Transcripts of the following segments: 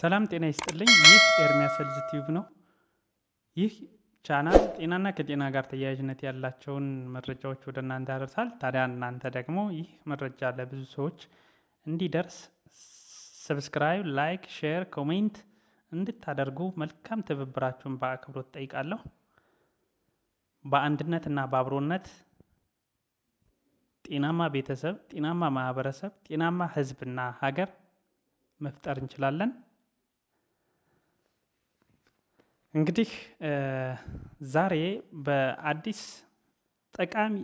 ሰላም ጤና ይስጥልኝ። ይህ ኤርሚያስ ሄልዝ ቲዩብ ነው። ይህ ቻናል ጤናና ከጤና ጋር ተያያዥነት ያላቸውን መረጃዎች ወደ እናንተ ያደርሳል። ታዲያ እናንተ ደግሞ ይህ መረጃ ለብዙ ሰዎች እንዲደርስ ሰብስክራይብ፣ ላይክ፣ ሼር፣ ኮሜንት እንድታደርጉ መልካም ትብብራችሁን በአክብሮት ጠይቃለሁ። በአንድነት እና በአብሮነት ጤናማ ቤተሰብ፣ ጤናማ ማህበረሰብ፣ ጤናማ ህዝብና ሀገር መፍጠር እንችላለን። እንግዲህ ዛሬ በአዲስ ጠቃሚ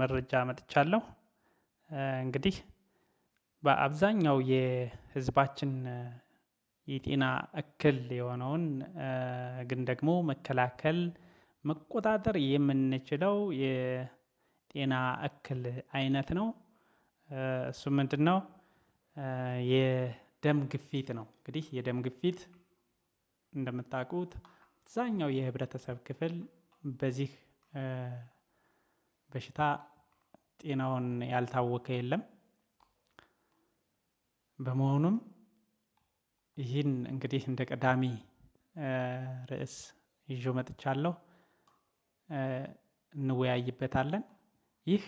መረጃ መጥቻለሁ። እንግዲህ በአብዛኛው የህዝባችን የጤና እክል የሆነውን ግን ደግሞ መከላከል መቆጣጠር የምንችለው የጤና እክል አይነት ነው። እሱ ምንድነው? የደም ግፊት ነው። እንግዲህ የደም ግፊት እንደምታውቁት አብዛኛው የህብረተሰብ ክፍል በዚህ በሽታ ጤናውን ያልታወከ የለም። በመሆኑም ይህን እንግዲህ እንደ ቀዳሚ ርዕስ ይዞ መጥቻለሁ፣ እንወያይበታለን። ይህ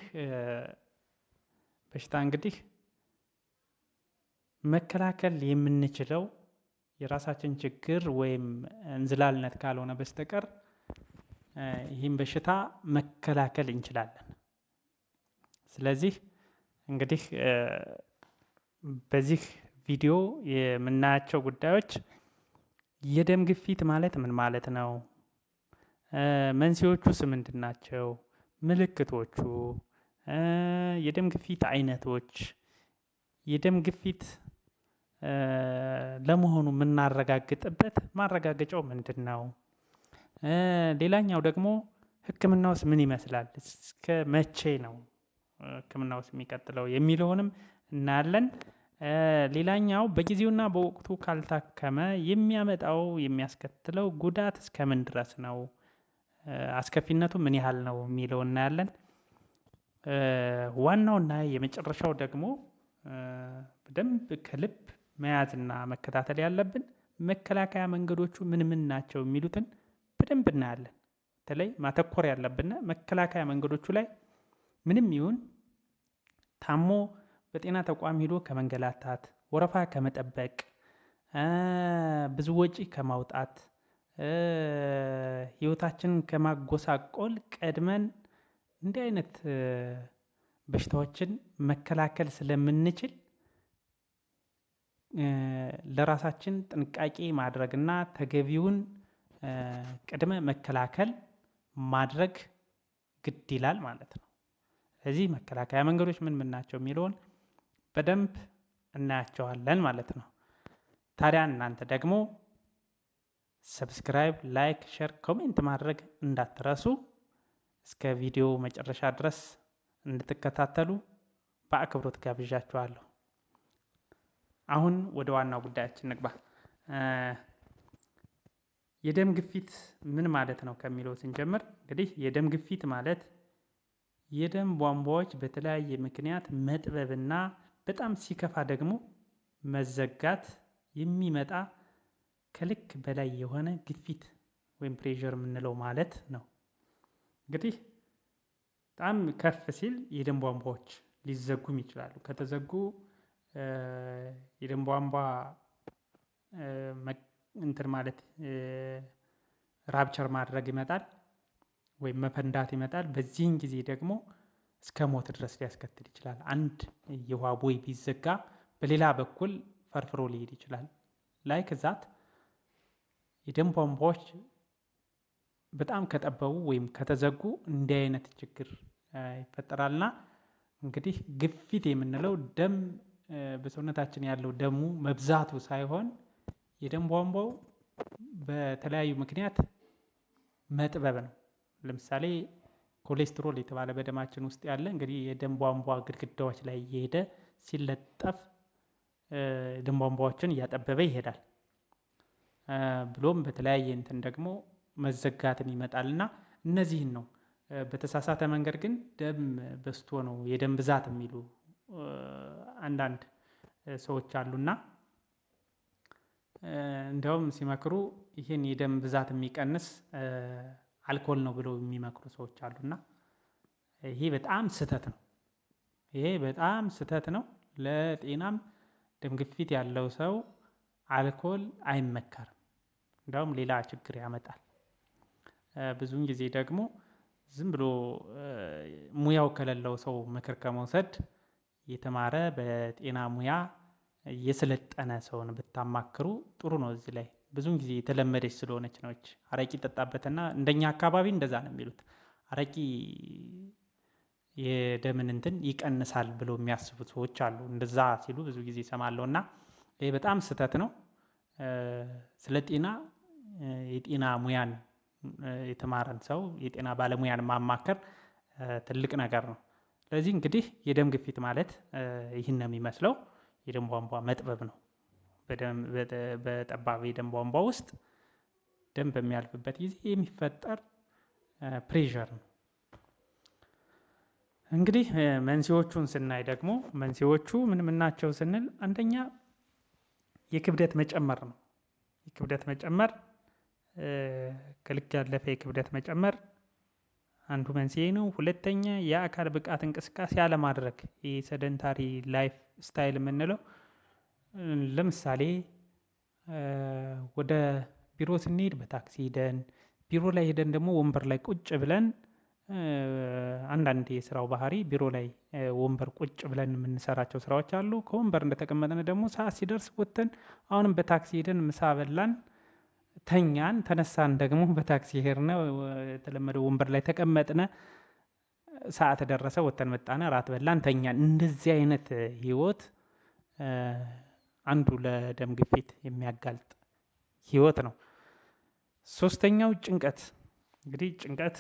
በሽታ እንግዲህ መከላከል የምንችለው የራሳችን ችግር ወይም እንዝላልነት ካልሆነ በስተቀር ይህም በሽታ መከላከል እንችላለን። ስለዚህ እንግዲህ በዚህ ቪዲዮ የምናያቸው ጉዳዮች የደም ግፊት ማለት ምን ማለት ነው? መንስኤዎቹስ ምንድን ናቸው? ምልክቶቹ፣ የደም ግፊት አይነቶች፣ የደም ግፊት ለመሆኑ የምናረጋግጥበት ማረጋገጫው ምንድን ነው? ሌላኛው ደግሞ ህክምና ውስጥ ምን ይመስላል? እስከ መቼ ነው ህክምና ውስጥ የሚቀጥለው የሚለውንም እናያለን። ሌላኛው በጊዜውና በወቅቱ ካልታከመ የሚያመጣው የሚያስከትለው ጉዳት እስከምን ድረስ ነው? አስከፊነቱ ምን ያህል ነው የሚለው እናያለን። ዋናውና የመጨረሻው ደግሞ በደንብ ከልብ መያዝና መከታተል ያለብን መከላከያ መንገዶቹ ምን ምን ናቸው የሚሉትን በደንብ እናያለን። በተለይ ማተኮር ያለብን መከላከያ መንገዶቹ ላይ ምንም ይሁን ታሞ በጤና ተቋም ሂዶ ከመንገላታት፣ ወረፋ ከመጠበቅ፣ ብዙ ወጪ ከማውጣት፣ ህይወታችንን ከማጎሳቆል ቀድመን እንዲህ አይነት በሽታዎችን መከላከል ስለምንችል ለራሳችን ጥንቃቄ ማድረግና ተገቢውን ቅድመ መከላከል ማድረግ ግድ ይላል ማለት ነው። ስለዚህ መከላከያ መንገዶች ምን ምን ናቸው የሚለውን በደንብ እናያቸዋለን ማለት ነው። ታዲያ እናንተ ደግሞ ሰብስክራይብ፣ ላይክ፣ ሼር፣ ኮሜንት ማድረግ እንዳትረሱ። እስከ ቪዲዮ መጨረሻ ድረስ እንድትከታተሉ በአክብሮት ጋብዣችኋለሁ። አሁን ወደ ዋናው ጉዳያችን ንግባ። የደም ግፊት ምን ማለት ነው ከሚለው ስንጀምር እንግዲህ የደም ግፊት ማለት የደም ቧንቧዎች በተለያየ ምክንያት መጥበብና በጣም ሲከፋ ደግሞ መዘጋት የሚመጣ ከልክ በላይ የሆነ ግፊት ወይም ፕሬሸር የምንለው ማለት ነው። እንግዲህ በጣም ከፍ ሲል የደም ቧንቧዎች ሊዘጉም ይችላሉ። ከተዘጉ የደም ቧንቧ እንትን ማለት ራፕቸር ማድረግ ይመጣል ወይም መፈንዳት ይመጣል። በዚህን ጊዜ ደግሞ እስከ ሞት ድረስ ሊያስከትል ይችላል። አንድ የውሃ ቦይ ቢዘጋ በሌላ በኩል ፈርፍሮ ሊሄድ ይችላል። ላይ ዛት የደም ቧንቧዎች በጣም ከጠበቡ ወይም ከተዘጉ እንዲህ አይነት ችግር ይፈጠራልና እንግዲህ ግፊት የምንለው ደም በሰውነታችን ያለው ደሙ መብዛቱ ሳይሆን የደም ቧንቧው በተለያዩ ምክንያት መጥበብ ነው። ለምሳሌ ኮሌስትሮል የተባለ በደማችን ውስጥ ያለ እንግዲህ የደም ቧንቧ ግድግዳዎች ላይ እየሄደ ሲለጠፍ ደም ቧንቧዎችን እያጠበበ ይሄዳል። ብሎም በተለያየ እንትን ደግሞ መዘጋትን ይመጣል እና እነዚህን ነው። በተሳሳተ መንገድ ግን ደም በስቶ ነው የደም ብዛት የሚሉ አንዳንድ ሰዎች አሉና እንዲያውም ሲመክሩ ይህን የደም ብዛት የሚቀንስ አልኮል ነው ብለው የሚመክሩ ሰዎች አሉና ይሄ በጣም ስህተት ነው። ይሄ በጣም ስህተት ነው። ለጤናም ደም ግፊት ያለው ሰው አልኮል አይመከርም። እንዲያውም ሌላ ችግር ያመጣል። ብዙውን ጊዜ ደግሞ ዝም ብሎ ሙያው ከሌለው ሰው ምክር ከመውሰድ የተማረ በጤና ሙያ የሰለጠነ ሰውን ብታማክሩ ጥሩ ነው። እዚህ ላይ ብዙን ጊዜ የተለመደች ስለሆነች ነች። አረቂ ጠጣበትና እንደኛ አካባቢ እንደዛ ነው የሚሉት። አረቂ የደምን እንትን ይቀንሳል ብለው የሚያስቡ ሰዎች አሉ። እንደዛ ሲሉ ብዙ ጊዜ ይሰማለሁ እና ይህ በጣም ስህተት ነው። ስለ ጤና የጤና ሙያን የተማረን ሰው የጤና ባለሙያን ማማከር ትልቅ ነገር ነው። ስለዚህ እንግዲህ የደም ግፊት ማለት ይህን ነው የሚመስለው። የደም ቧንቧ መጥበብ ነው። በጠባብ የደም ቧንቧ ውስጥ ደም በሚያልፍበት ጊዜ የሚፈጠር ፕሬዠር ነው። እንግዲህ መንስኤዎቹን ስናይ ደግሞ መንስኤዎቹ ምን ምን ናቸው ስንል አንደኛ የክብደት መጨመር ነው። የክብደት መጨመር ከልክ ያለፈ የክብደት መጨመር አንዱ መንስኤ ነው። ሁለተኛ የአካል ብቃት እንቅስቃሴ አለማድረግ፣ የሰደንታሪ ሰደንታሪ ላይፍ ስታይል የምንለው ለምሳሌ ወደ ቢሮ ስንሄድ በታክሲ ሄደን ቢሮ ላይ ሄደን ደግሞ ወንበር ላይ ቁጭ ብለን አንዳንድ የስራው ባህሪ ቢሮ ላይ ወንበር ቁጭ ብለን የምንሰራቸው ስራዎች አሉ። ከወንበር እንደተቀመጠን ደግሞ ሰዓት ሲደርስ ወጥተን አሁንም በታክሲ ሄደን ምሳ በላን ተኛን፣ ተነሳን ደግሞ በታክሲ ሄድነ፣ የተለመደው ወንበር ላይ ተቀመጥነ፣ ሰዓት ደረሰ፣ ወተን መጣነ፣ ራት በላን፣ ተኛን። እንደዚህ አይነት ህይወት አንዱ ለደም ግፊት የሚያጋልጥ ህይወት ነው። ሶስተኛው ጭንቀት እንግዲህ ጭንቀት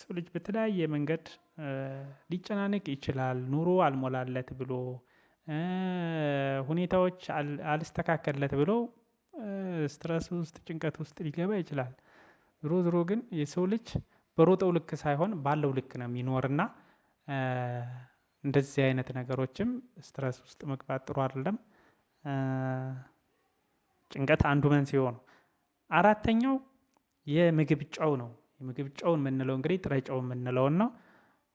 ሰው ልጅ በተለያየ መንገድ ሊጨናነቅ ይችላል። ኑሮ አልሞላለት ብሎ ሁኔታዎች አልስተካከልለት ብሎ ስትረስ ውስጥ ጭንቀት ውስጥ ሊገባ ይችላል። ዝሮ ዝሮ ግን የሰው ልጅ በሮጠው ልክ ሳይሆን ባለው ልክ ነው የሚኖርና እንደዚህ አይነት ነገሮችም ስትረስ ውስጥ መግባት ጥሩ አይደለም። ጭንቀት አንዱ መንስኤ ነው። አራተኛው የምግብ ጨው ነው የምግብ ጨውን የምንለው እንግዲህ ጥሬ ጨው የምንለውን ነው።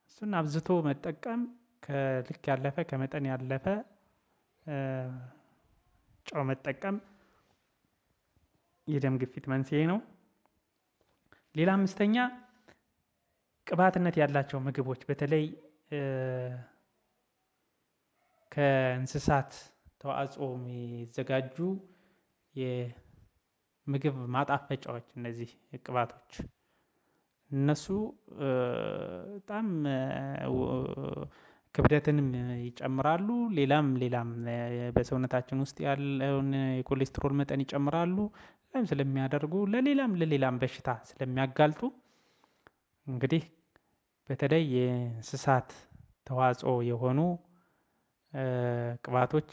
እሱን አብዝቶ መጠቀም ከልክ ያለፈ ከመጠን ያለፈ ጨው መጠቀም የደም ግፊት መንስኤ ነው። ሌላ አምስተኛ ቅባትነት ያላቸው ምግቦች በተለይ ከእንስሳት ተዋጽኦ የሚዘጋጁ የምግብ ማጣፈጫዎች እነዚህ ቅባቶች እነሱ በጣም ክብደትንም ይጨምራሉ ሌላም ሌላም በሰውነታችን ውስጥ ያለውን የኮሌስትሮል መጠን ይጨምራሉ ስለሚያደርጉ ለሌላም ለሌላም በሽታ ስለሚያጋልጡ እንግዲህ በተለይ የእንስሳት ተዋጽኦ የሆኑ ቅባቶች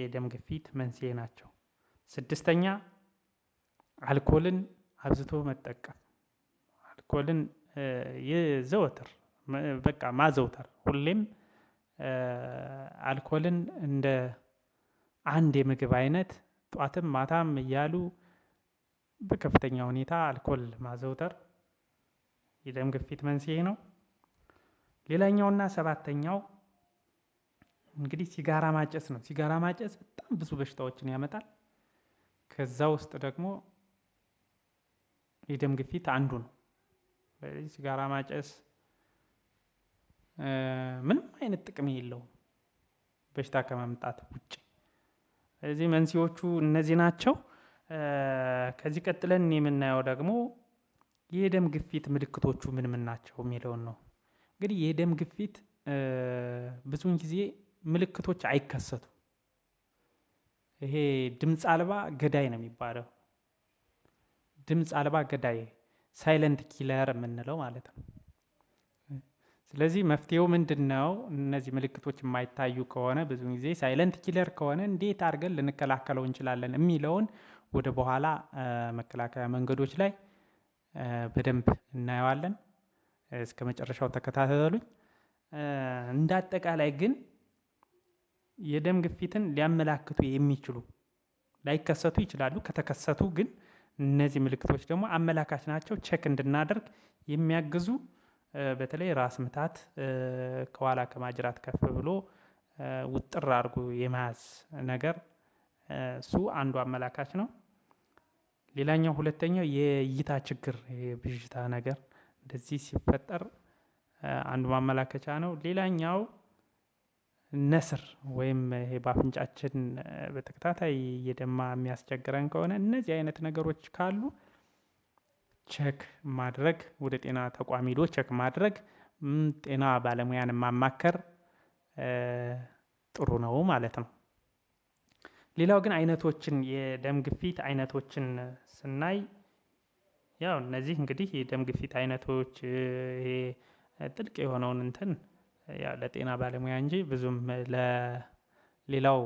የደም ግፊት መንስኤ ናቸው። ስድስተኛ አልኮልን አብዝቶ መጠቀም አልኮልን የዘወትር በቃ ማዘውተር ሁሌም አልኮልን እንደ አንድ የምግብ አይነት ጧትም ማታም እያሉ በከፍተኛ ሁኔታ አልኮል ማዘውተር የደም ግፊት መንስኤ ነው። ሌላኛውና ሰባተኛው እንግዲህ ሲጋራ ማጨስ ነው። ሲጋራ ማጨስ በጣም ብዙ በሽታዎችን ያመጣል። ከዛ ውስጥ ደግሞ የደም ግፊት አንዱ ነው። ሲጋራ ማጨስ ምንም አይነት ጥቅም የለውም በሽታ ከመምጣት ውጭ። ስለዚህ መንስዎቹ እነዚህ ናቸው። ከዚህ ቀጥለን የምናየው ደግሞ የደም ግፊት ምልክቶቹ ምን ምን ናቸው የሚለውን ነው። እንግዲህ የደም ግፊት ብዙውን ጊዜ ምልክቶች አይከሰቱ ይሄ ድምፅ አልባ ገዳይ ነው የሚባለው። ድምፅ አልባ ገዳይ ሳይለንት ኪለር የምንለው ማለት ነው። ስለዚህ መፍትሄው ምንድን ነው? እነዚህ ምልክቶች የማይታዩ ከሆነ ብዙ ጊዜ ሳይለንት ኪለር ከሆነ እንዴት አድርገን ልንከላከለው እንችላለን የሚለውን ወደ በኋላ መከላከያ መንገዶች ላይ በደንብ እናየዋለን። እስከ መጨረሻው ተከታተሉኝ። እንደ አጠቃላይ ግን የደም ግፊትን ሊያመላክቱ የሚችሉ ላይከሰቱ ይችላሉ። ከተከሰቱ ግን እነዚህ ምልክቶች ደግሞ አመላካች ናቸው፣ ቼክ እንድናደርግ የሚያግዙ በተለይ ራስ ምታት ከኋላ ከማጅራት ከፍ ብሎ ውጥር አድርጎ የመያዝ ነገር እሱ አንዱ አመላካች ነው። ሌላኛው ሁለተኛው የእይታ ችግር የብዥታ ነገር እንደዚህ ሲፈጠር አንዱ ማመላከቻ ነው። ሌላኛው ነስር ወይም በአፍንጫችን በተከታታይ እየደማ የሚያስቸግረን ከሆነ እነዚህ አይነት ነገሮች ካሉ ቼክ ማድረግ ወደ ጤና ተቋም ሄዶ ቼክ ማድረግ ጤና ባለሙያን ማማከር ጥሩ ነው ማለት ነው። ሌላው ግን አይነቶችን የደም ግፊት አይነቶችን ስናይ ያው እነዚህ እንግዲህ የደም ግፊት አይነቶች ይሄ ጥልቅ የሆነውን እንትን ለጤና ባለሙያ እንጂ ብዙም ለሌላው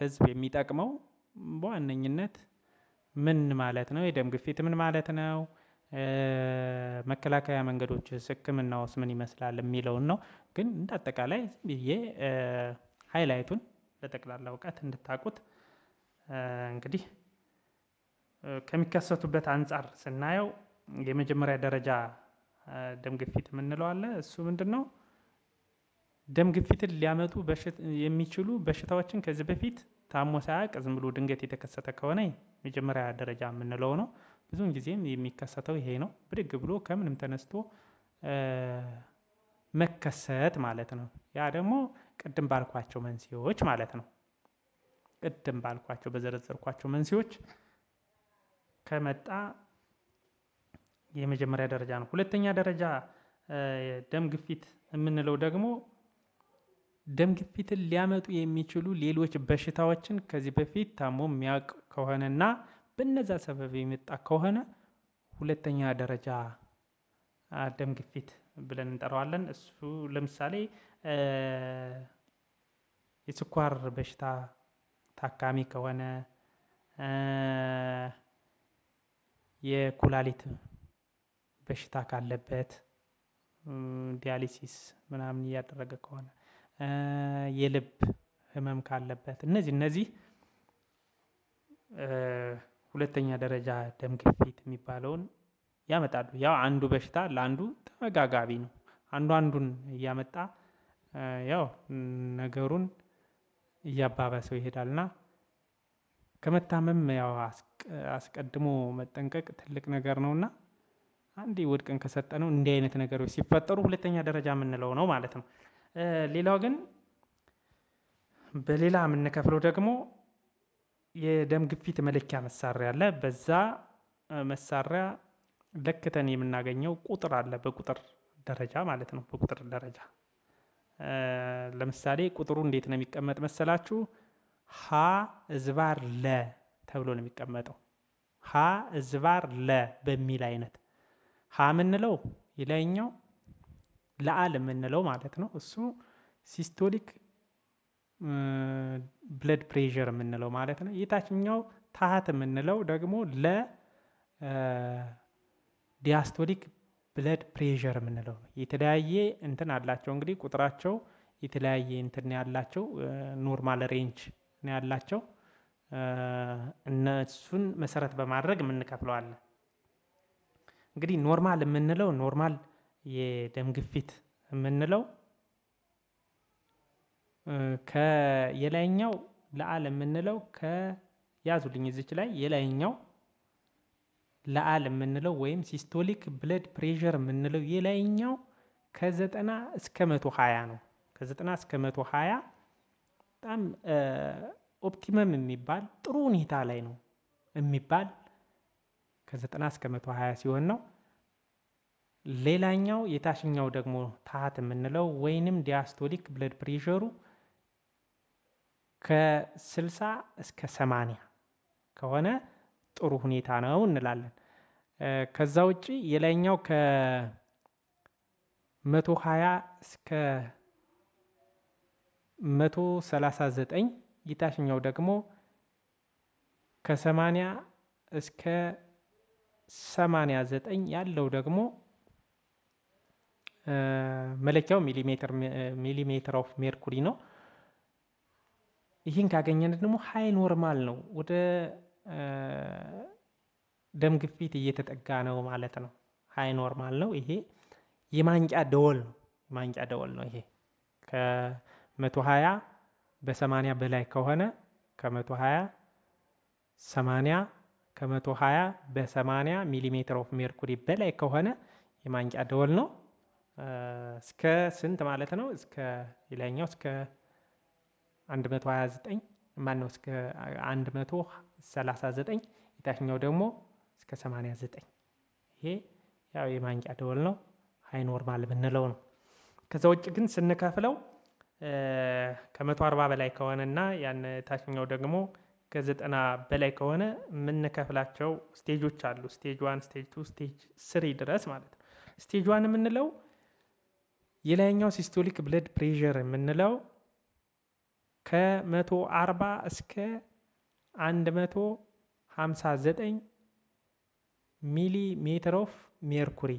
ህዝብ የሚጠቅመው በዋነኝነት ምን ማለት ነው የደም ግፊት ምን ማለት ነው? መከላከያ ህክምና ውስጥ ምን ይመስላል የሚለውን ነው። ግን እንደ አጠቃላይ ብዬ ሀይላይቱን በጠቅላላ እውቀት እንድታቁት እንግዲህ ከሚከሰቱበት አንጻር ስናየው የመጀመሪያ ደረጃ ደም ግፊት የምንለው አለ። እሱ ምንድን ነው? ደም ግፊትን ሊያመጡ የሚችሉ በሽታዎችን ከዚህ በፊት ታሞ ሳያቅ ዝም ብሎ ድንገት የተከሰተ ከሆነ የመጀመሪያ ደረጃ የምንለው ነው። ብዙውን ጊዜም የሚከሰተው ይሄ ነው። ብድግ ብሎ ከምንም ተነስቶ መከሰት ማለት ነው። ያ ደግሞ ቅድም ባልኳቸው መንስኤዎች ማለት ነው። ቅድም ባልኳቸው በዘረዘርኳቸው መንስኤዎች ከመጣ የመጀመሪያ ደረጃ ነው። ሁለተኛ ደረጃ ደም ግፊት የምንለው ደግሞ ደም ግፊትን ሊያመጡ የሚችሉ ሌሎች በሽታዎችን ከዚህ በፊት ታሞ የሚያውቅ ከሆነና በነዛ ሰበብ የመጣ ከሆነ ሁለተኛ ደረጃ ደም ግፊት ብለን እንጠራዋለን። እሱ ለምሳሌ የስኳር በሽታ ታካሚ ከሆነ የኩላሊት በሽታ ካለበት ዲያሊሲስ ምናምን እያደረገ ከሆነ የልብ ህመም ካለበት እነዚህ እነዚህ ሁለተኛ ደረጃ ደም ግፊት የሚባለውን ያመጣሉ። ያው አንዱ በሽታ ለአንዱ ተመጋጋቢ ነው። አንዱ አንዱን እያመጣ ያው ነገሩን እያባበሰው ይሄዳል ከመታመም ያው አስቀድሞ መጠንቀቅ ትልቅ ነገር ነው እና አንዴ ውድቅን ከሰጠነው እንዲህ አይነት ነገሮች ሲፈጠሩ ሁለተኛ ደረጃ የምንለው ነው ማለት ነው። ሌላው ግን በሌላ የምንከፍለው ደግሞ የደም ግፊት መለኪያ መሳሪያ አለ። በዛ መሳሪያ ለክተን የምናገኘው ቁጥር አለ፣ በቁጥር ደረጃ ማለት ነው። በቁጥር ደረጃ ለምሳሌ ቁጥሩ እንዴት ነው የሚቀመጥ መሰላችሁ? ሀ እዝባር ለ ተብሎ ነው የሚቀመጠው። ሀ እዝባር ለ በሚል አይነት ሀ የምንለው የላይኛው ለአል የምንለው ማለት ነው። እሱ ሲስቶሊክ ብለድ ፕሬዠር የምንለው ማለት ነው። የታችኛው ታሀት የምንለው ደግሞ ለዲያስቶሊክ ብለድ ፕሬዠር የምንለው ነው። የተለያየ እንትን አላቸው እንግዲህ ቁጥራቸው የተለያየ እንትን ያላቸው ኖርማል ሬንጅ ነው ያላቸው እነሱን መሰረት በማድረግ የምንከፍለዋለን። እንግዲህ ኖርማል የምንለው ኖርማል የደም ግፊት የምንለው ከየላይኛው ለአል የምንለው ከያዙልኝ እዚች ላይ የላይኛው ለአል የምንለው ወይም ሲስቶሊክ ብለድ ፕሬሸር የምንለው የላይኛው ከዘጠና እስከ መቶ ሀያ ነው። ከዘጠና እስከ መቶ ሀያ በጣም ኦፕቲመም የሚባል ጥሩ ሁኔታ ላይ ነው የሚባል ከዘጠና እስከ መቶ ሀያ ሲሆን ነው። ሌላኛው የታችኛው ደግሞ ታሀት የምንለው ወይንም ዲያስቶሊክ ብለድ ፕሬሸሩ ከስልሳ እስከ ሰማንያ ከሆነ ጥሩ ሁኔታ ነው እንላለን። ከዛ ውጪ የላይኛው ከመቶ ሀያ እስከ መቶ ሰላሳ ዘጠኝ የታችኛው ደግሞ ከሰማንያ እስከ ሰማንያ ዘጠኝ ያለው ደግሞ መለኪያው ሚሊሜትር ኦፍ ሜርኩሪ ነው። ይህን ካገኘን ደግሞ ሀይ ኖርማል ነው ወደ ደም ግፊት እየተጠጋ ነው ማለት ነው። ሀይ ኖርማል ነው። ይሄ የማንቂያ ደወል ነው። የማንቂያ ደወል ነው። ይሄ ከመቶ ሀያ በሰማንያ በላይ ከሆነ ከመቶ ሀያ ሰማንያ ከመቶ ሀያ በሰማንያ ሚሊሜትር ኦፍ ሜርኩሪ በላይ ከሆነ የማንቂያ ደወል ነው። እስከ ስንት ማለት ነው? እስከ ሌላኛው እስከ 129 መቶ ሀያ ማነው እስከ 139 የታችኛው ደግሞ እስከ 89 ይሄ ያው የማንቂያ ደወል ነው ሀይ ኖርማል የምንለው ነው። ከዛ ውጭ ግን ስንከፍለው ከመቶ አርባ በላይ ከሆነና ያን ታችኛው ደግሞ ከዘጠና በላይ ከሆነ የምንከፍላቸው ስቴጆች አሉ። ስቴጅ ዋን፣ ስቴጅ ቱ፣ ስቴጅ ስሪ ድረስ ማለት ነው። ስቴጅ ዋን የምንለው የላይኛው ሲስቶሊክ ብለድ ፕሬዠር የምንለው ከ140 እስከ 159 ሚሊ ሜትር ኦፍ ሜርኩሪ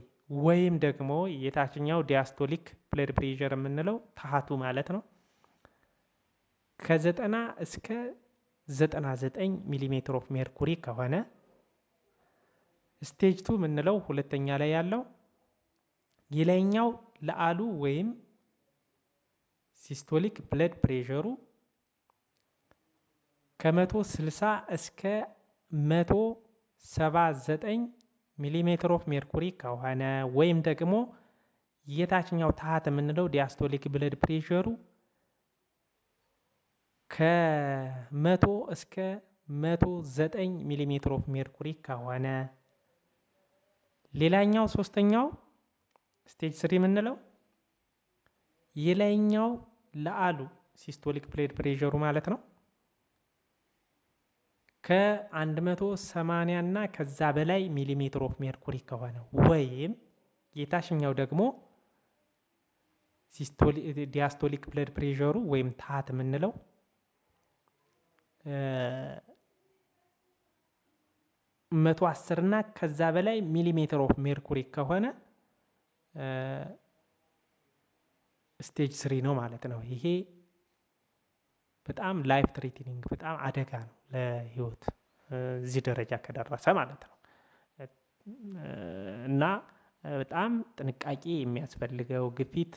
ወይም ደግሞ የታችኛው ዲያስቶሊክ ብለድ ፕሬሸር የምንለው ታሃቱ ማለት ነው። ከ90 እስከ 99 ሚሊ ሜትር ኦፍ ሜርኩሪ ከሆነ ስቴጅ ቱ የምንለው ሁለተኛ ላይ ያለው የላይኛው ለአሉ ወይም ሲስቶሊክ ብለድ ፕሬሸሩ ከመቶ ስልሳ እስከ መቶ ሰባ ዘጠኝ ሚሊሜትር ኦፍ ሜርኩሪ ከሆነ ወይም ደግሞ የታችኛው ታሃት የምንለው ዲያስቶሊክ ብለድ ፕሬሸሩ ከመቶ እስከ መቶ ዘጠኝ ሚሊሜትር ኦፍ ሜርኩሪ ከሆነ ሌላኛው ሶስተኛው ስቴጅ ስሪ የምንለው የላይኛው ለአሉ ሲስቶሊክ ብለድ ፕሬሸሩ ማለት ነው። ከ180 እና ከዛ በላይ ሚሊሜትር ኦፍ ሜርኩሪ ከሆነ ወይም የታችኛው ደግሞ ዲያስቶሊክ ብለድ ፕሬሸሩ ወይም ታት የምንለው መቶ አስር እና ከዛ በላይ ሚሊሜትር ኦፍ ሜርኩሪ ከሆነ ስቴጅ ስሪ ነው ማለት ነው። ይሄ በጣም ላይፍ ትሪትኒንግ በጣም አደጋ ነው። ለህይወት እዚህ ደረጃ ከደረሰ ማለት ነው። እና በጣም ጥንቃቄ የሚያስፈልገው ግፊት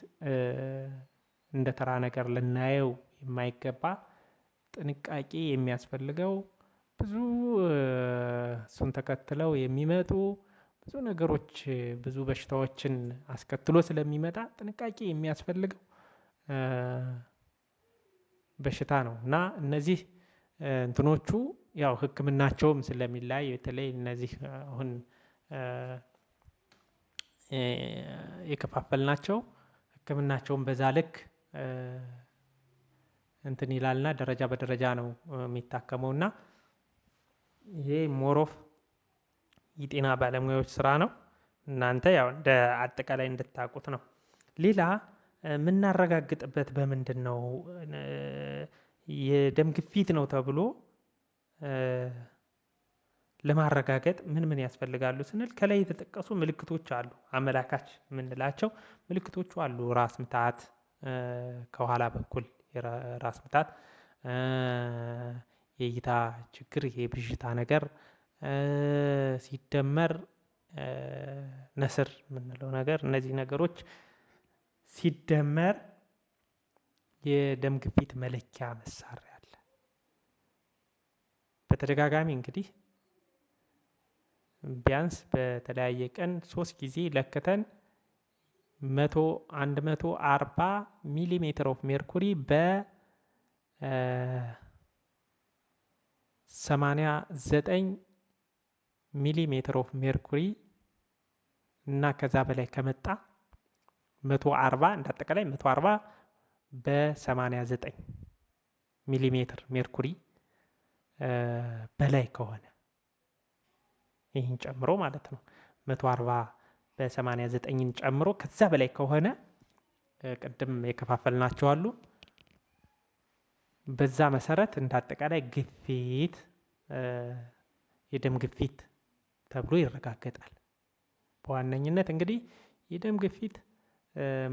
እንደ ተራ ነገር ልናየው የማይገባ ጥንቃቄ የሚያስፈልገው ብዙ እሱን ተከትለው የሚመጡ ብዙ ነገሮች ብዙ በሽታዎችን አስከትሎ ስለሚመጣ ጥንቃቄ የሚያስፈልገው በሽታ ነው እና እነዚህ እንትኖቹ ያው ህክምናቸውም ስለሚላይ በተለይ እነዚህ አሁን ናቸው። ህክምናቸውም በዛ ልክ እንትን ይላልና ደረጃ በደረጃ ነው የሚታከመው እና ይሄ ሞሮፍ የጤና ባለሙያዎች ስራ ነው። እናንተ ያው እንደ አጠቃላይ እንድታቁት ነው። ሌላ የምናረጋግጥበት በምንድን ነው? የደም ግፊት ነው ተብሎ ለማረጋገጥ ምን ምን ያስፈልጋሉ ስንል ከላይ የተጠቀሱ ምልክቶች አሉ። አመላካች የምንላቸው ምልክቶቹ አሉ። ራስ ምታት፣ ከኋላ በኩል ራስ ምታት፣ የእይታ ችግር፣ ይሄ ብዥታ ነገር ሲደመር ነስር የምንለው ነገር እነዚህ ነገሮች ሲደመር የደም ግፊት መለኪያ መሳሪያ አለ። በተደጋጋሚ እንግዲህ ቢያንስ በተለያየ ቀን ሶስት ጊዜ ለክተን መቶ አንድ መቶ አርባ ሚሊሜትር ኦፍ ሜርኩሪ በ በሰማንያ ዘጠኝ ሚሊሜትር ኦፍ ሜርኩሪ እና ከዛ በላይ ከመጣ መቶ አርባ እንዳጠቃላይ መቶ አርባ በ89 ሚሊሜትር ሜርኩሪ በላይ ከሆነ ይህን ጨምሮ ማለት ነው 140 በ89ን ጨምሮ ከዛ በላይ ከሆነ ቅድም ናቸው አሉ። በዛ መሰረት እንደ አጠቃላይ ግፊት የደም ግፊት ተብሎ ይረጋገጣል። በዋነኝነት እንግዲህ የደም ግፊት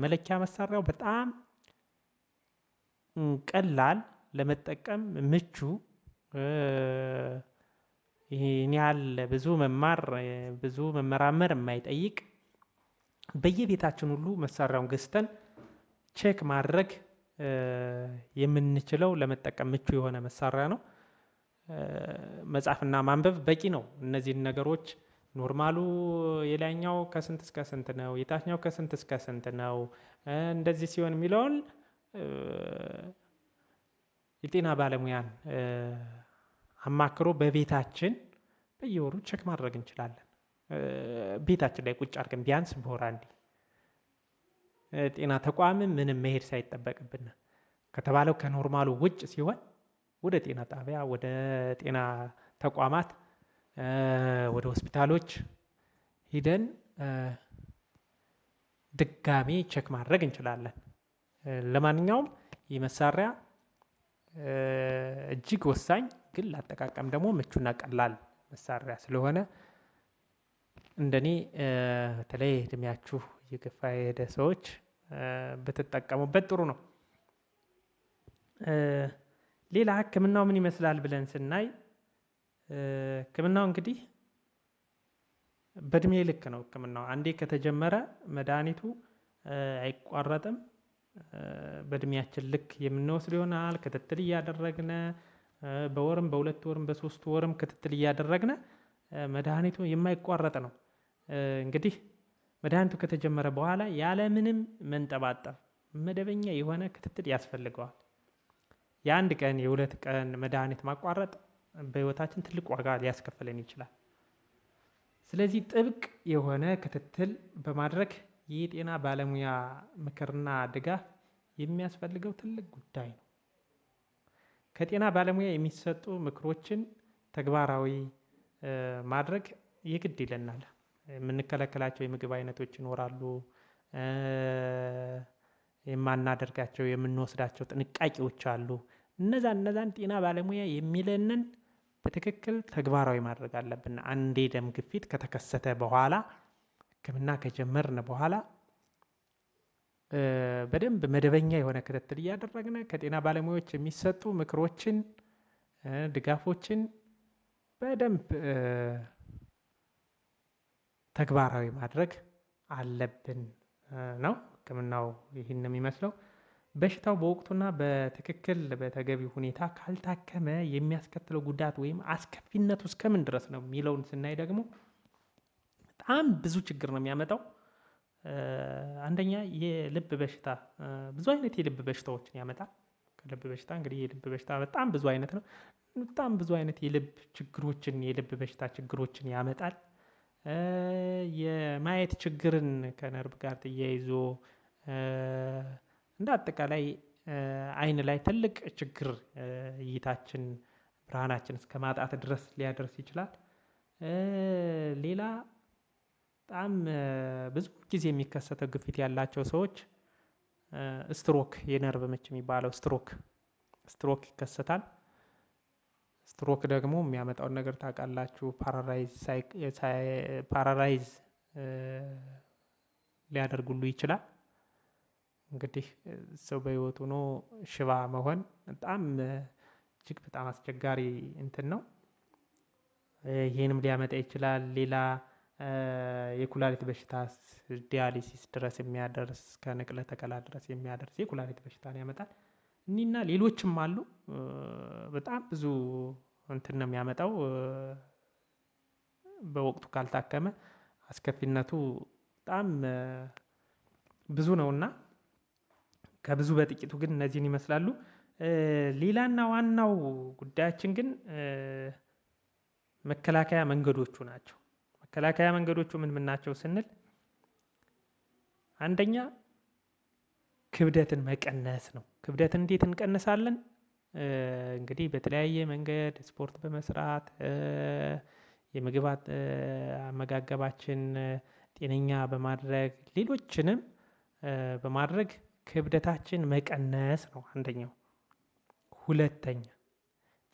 መለኪያ መሳሪያው በጣም ቀላል ለመጠቀም ምቹ ይህን ያህል ብዙ መማር ብዙ መመራመር የማይጠይቅ በየቤታችን ሁሉ መሳሪያውን ገዝተን ቼክ ማድረግ የምንችለው ለመጠቀም ምቹ የሆነ መሳሪያ ነው። መጻፍና ማንበብ በቂ ነው። እነዚህን ነገሮች ኖርማሉ የላይኛው ከስንት እስከ ስንት ነው የታችኛው ከስንት እስከ ስንት ነው? እንደዚህ ሲሆን የሚለውን የጤና ባለሙያን አማክሮ በቤታችን በየወሩ ቸክ ማድረግ እንችላለን። ቤታችን ላይ ቁጭ አድርገን ቢያንስ በወር አንዴ ጤና ተቋም ምንም መሄድ ሳይጠበቅብን ከተባለው ከኖርማሉ ውጭ ሲሆን ወደ ጤና ጣቢያ፣ ወደ ጤና ተቋማት፣ ወደ ሆስፒታሎች ሂደን ድጋሜ ቸክ ማድረግ እንችላለን። ለማንኛውም ይህ መሳሪያ እጅግ ወሳኝ ግን ላጠቃቀም ደግሞ ምቹና ቀላል መሳሪያ ስለሆነ እንደኔ በተለይ እድሜያችሁ እየገፋ የሄደ ሰዎች ብትጠቀሙበት ጥሩ ነው። ሌላ ህክምናው ምን ይመስላል ብለን ስናይ ህክምናው እንግዲህ በእድሜ ልክ ነው ህክምናው አንዴ ከተጀመረ መድሃኒቱ አይቋረጥም በእድሜያችን ልክ የምንወስድ ይሆናል ክትትል እያደረግነ በወርም በሁለት ወርም በሶስት ወርም ክትትል እያደረግነ መድኃኒቱ የማይቋረጥ ነው። እንግዲህ መድኃኒቱ ከተጀመረ በኋላ ያለምንም መንጠባጠብ መደበኛ የሆነ ክትትል ያስፈልገዋል። የአንድ ቀን የሁለት ቀን መድሃኒት ማቋረጥ በህይወታችን ትልቅ ዋጋ ሊያስከፍለን ይችላል። ስለዚህ ጥብቅ የሆነ ክትትል በማድረግ የጤና ባለሙያ ምክርና ድጋፍ የሚያስፈልገው ትልቅ ጉዳይ ነው። ከጤና ባለሙያ የሚሰጡ ምክሮችን ተግባራዊ ማድረግ የግድ ይለናል። የምንከለከላቸው የምግብ አይነቶች ይኖራሉ። የማናደርጋቸው የምንወስዳቸው ጥንቃቄዎች አሉ። እነዛ እነዛን ጤና ባለሙያ የሚለንን በትክክል ተግባራዊ ማድረግ አለብን። አንዴ ደም ግፊት ከተከሰተ በኋላ ህክምና ከጀመርን በኋላ በደንብ መደበኛ የሆነ ክትትል እያደረግን ከጤና ባለሙያዎች የሚሰጡ ምክሮችን፣ ድጋፎችን በደንብ ተግባራዊ ማድረግ አለብን ነው ህክምናው ይህን ነው የሚመስለው። በሽታው በወቅቱና በትክክል በተገቢው ሁኔታ ካልታከመ የሚያስከትለው ጉዳት ወይም አስከፊነቱ እስከምን ድረስ ነው የሚለውን ስናይ ደግሞ በጣም ብዙ ችግር ነው የሚያመጣው። አንደኛ የልብ በሽታ ብዙ አይነት የልብ በሽታዎችን ያመጣል። ከልብ በሽታ እንግዲህ የልብ በሽታ በጣም ብዙ አይነት ነው በጣም ብዙ አይነት የልብ ችግሮችን የልብ በሽታ ችግሮችን ያመጣል። የማየት ችግርን ከነርብ ጋር ተያይዞ እንደ አጠቃላይ አይን ላይ ትልቅ ችግር እይታችን ብርሃናችን እስከማጣት ድረስ ሊያደርስ ይችላል። ሌላ በጣም ብዙ ጊዜ የሚከሰተው ግፊት ያላቸው ሰዎች ስትሮክ የነርቭ ምች የሚባለው ስትሮክ ስትሮክ ይከሰታል። ስትሮክ ደግሞ የሚያመጣውን ነገር ታውቃላችሁ ፓራላይዝ ሊያደርጉሉ ይችላል። እንግዲህ ሰው በህይወት ሆኖ ሽባ መሆን በጣም እጅግ በጣም አስቸጋሪ እንትን ነው። ይህንም ሊያመጣ ይችላል ሌላ የኩላሊት በሽታ ዲያሊሲስ ድረስ የሚያደርስ ከንቅለ ተከላ ድረስ የሚያደርስ የኩላሊት በሽታን ያመጣል። እኒና ሌሎችም አሉ። በጣም ብዙ እንትን ነው የሚያመጣው። በወቅቱ ካልታከመ አስከፊነቱ በጣም ብዙ ነውና ከብዙ በጥቂቱ ግን እነዚህን ይመስላሉ። ሌላና ዋናው ጉዳያችን ግን መከላከያ መንገዶቹ ናቸው መከላከያ መንገዶቹ ምን ምን ናቸው ስንል አንደኛ ክብደትን መቀነስ ነው። ክብደትን እንዴት እንቀንሳለን? እንግዲህ በተለያየ መንገድ ስፖርት በመስራት የምግብ አመጋገባችን ጤነኛ በማድረግ ሌሎችንም በማድረግ ክብደታችን መቀነስ ነው አንደኛው። ሁለተኛ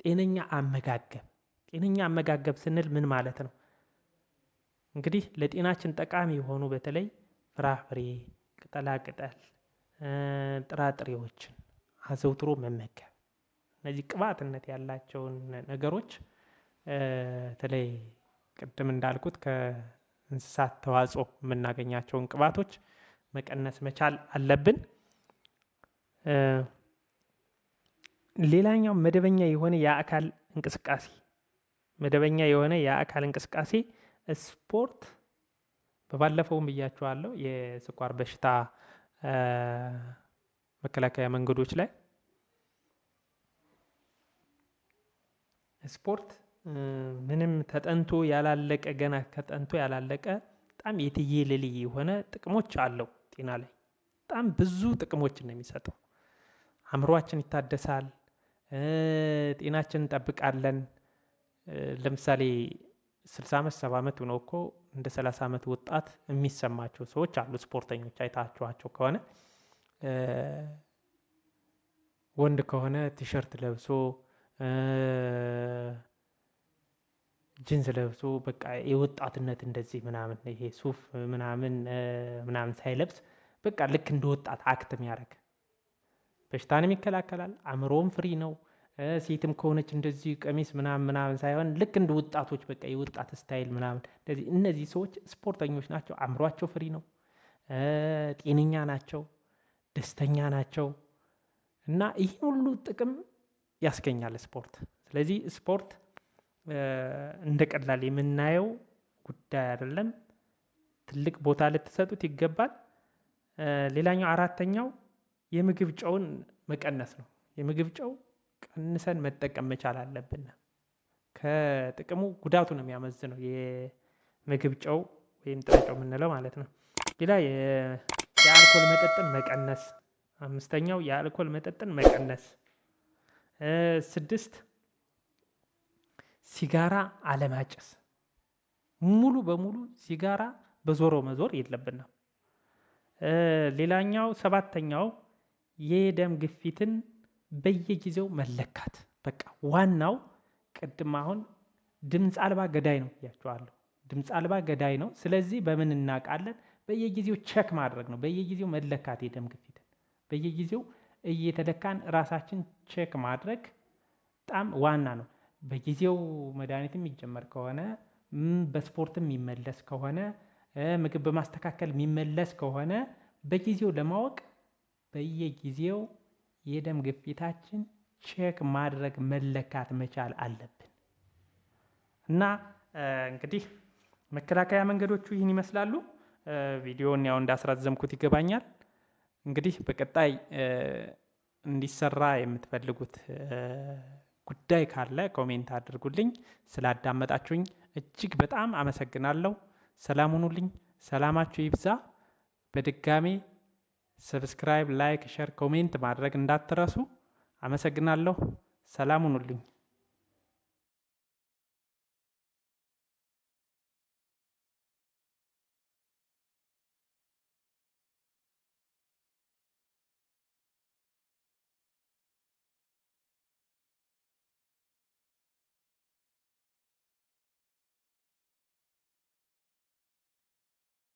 ጤነኛ አመጋገብ ጤነኛ አመጋገብ ስንል ምን ማለት ነው? እንግዲህ ለጤናችን ጠቃሚ የሆኑ በተለይ ፍራፍሬ፣ ቅጠላቅጠል ጥራጥሬዎችን አዘውትሮ መመገብ እነዚህ ቅባትነት ያላቸውን ነገሮች በተለይ ቅድም እንዳልኩት ከእንስሳት ተዋጽኦ የምናገኛቸውን ቅባቶች መቀነስ መቻል አለብን። ሌላኛው መደበኛ የሆነ የአካል እንቅስቃሴ መደበኛ የሆነ የአካል እንቅስቃሴ ስፖርት በባለፈውም ብያችኋለሁ የስኳር በሽታ መከላከያ መንገዶች ላይ ስፖርት ምንም ተጠንቶ ያላለቀ ገና ተጠንቶ ያላለቀ በጣም ልልይ የሆነ ጥቅሞች አለው ጤና ላይ በጣም ብዙ ጥቅሞችን ነው የሚሰጠው። አእምሯችን ይታደሳል፣ ጤናችን እንጠብቃለን። ለምሳሌ ስልሳ ዓመት ሰባ ዓመት ሆኖ እኮ እንደ ሰላሳ ዓመት ወጣት የሚሰማቸው ሰዎች አሉ። ስፖርተኞች አይታችኋቸው ከሆነ ወንድ ከሆነ ቲሸርት ለብሶ ጂንስ ለብሶ በቃ የወጣትነት እንደዚህ ምናምን ይሄ ሱፍ ምናምን ምናምን ሳይለብስ በቃ ልክ እንደ ወጣት አክት የሚያደርግ በሽታንም ይከላከላል። አእምሮውም ፍሪ ነው። ሴትም ከሆነች እንደዚህ ቀሚስ ምናምን ምናምን ሳይሆን ልክ እንደ ወጣቶች በቃ የወጣት ስታይል ምናምን እንደዚህ እነዚህ ሰዎች ስፖርተኞች ናቸው። አእምሯቸው ፍሪ ነው፣ ጤነኛ ናቸው፣ ደስተኛ ናቸው እና ይህን ሁሉ ጥቅም ያስገኛል ስፖርት። ስለዚህ ስፖርት እንደ ቀላል የምናየው ጉዳይ አይደለም። ትልቅ ቦታ ልትሰጡት ይገባል። ሌላኛው አራተኛው የምግብ ጨውን መቀነስ ነው። የምግብ ጨው ቀንሰን መጠቀም መቻል አለብን። ከጥቅሙ ጉዳቱ ነው የሚያመዝነው የምግብ ጨው ወይም ጥሬ ጨው የምንለው ማለት ነው። ሌላ የአልኮል መጠጥን መቀነስ፣ አምስተኛው የአልኮል መጠጥን መቀነስ። ስድስት ሲጋራ አለማጨስ። ሙሉ በሙሉ ሲጋራ በዞሮ መዞር የለብንም። ሌላኛው ሰባተኛው የደም ግፊትን በየጊዜው መለካት በቃ ዋናው ቅድም አሁን ድምፅ አልባ ገዳይ ነው ያቸዋለሁ ድምፅ አልባ ገዳይ ነው። ስለዚህ በምን እናውቃለን? በየጊዜው ቸክ ማድረግ ነው። በየጊዜው መለካት የደም ግፊት በየጊዜው እየተለካን ራሳችን ቼክ ማድረግ በጣም ዋና ነው። በጊዜው መድኃኒት የሚጀመር ከሆነ በስፖርትም የሚመለስ ከሆነ ምግብ በማስተካከል የሚመለስ ከሆነ በጊዜው ለማወቅ በየጊዜው የደም ግፊታችን ቼክ ማድረግ መለካት መቻል አለብን። እና እንግዲህ መከላከያ መንገዶቹ ይህን ይመስላሉ። ቪዲዮን ያው እንዳስራዘምኩት ይገባኛል። እንግዲህ በቀጣይ እንዲሰራ የምትፈልጉት ጉዳይ ካለ ኮሜንት አድርጉልኝ። ስላዳመጣችሁኝ እጅግ በጣም አመሰግናለሁ። ሰላም ሁኑልኝ። ሰላማችሁ ይብዛ። በድጋሜ ሰብስክራይብ፣ ላይክ፣ ሸር፣ ኮሜንት ማድረግ እንዳትረሱ። አመሰግናለሁ። ሰላም ሁኑልኝ።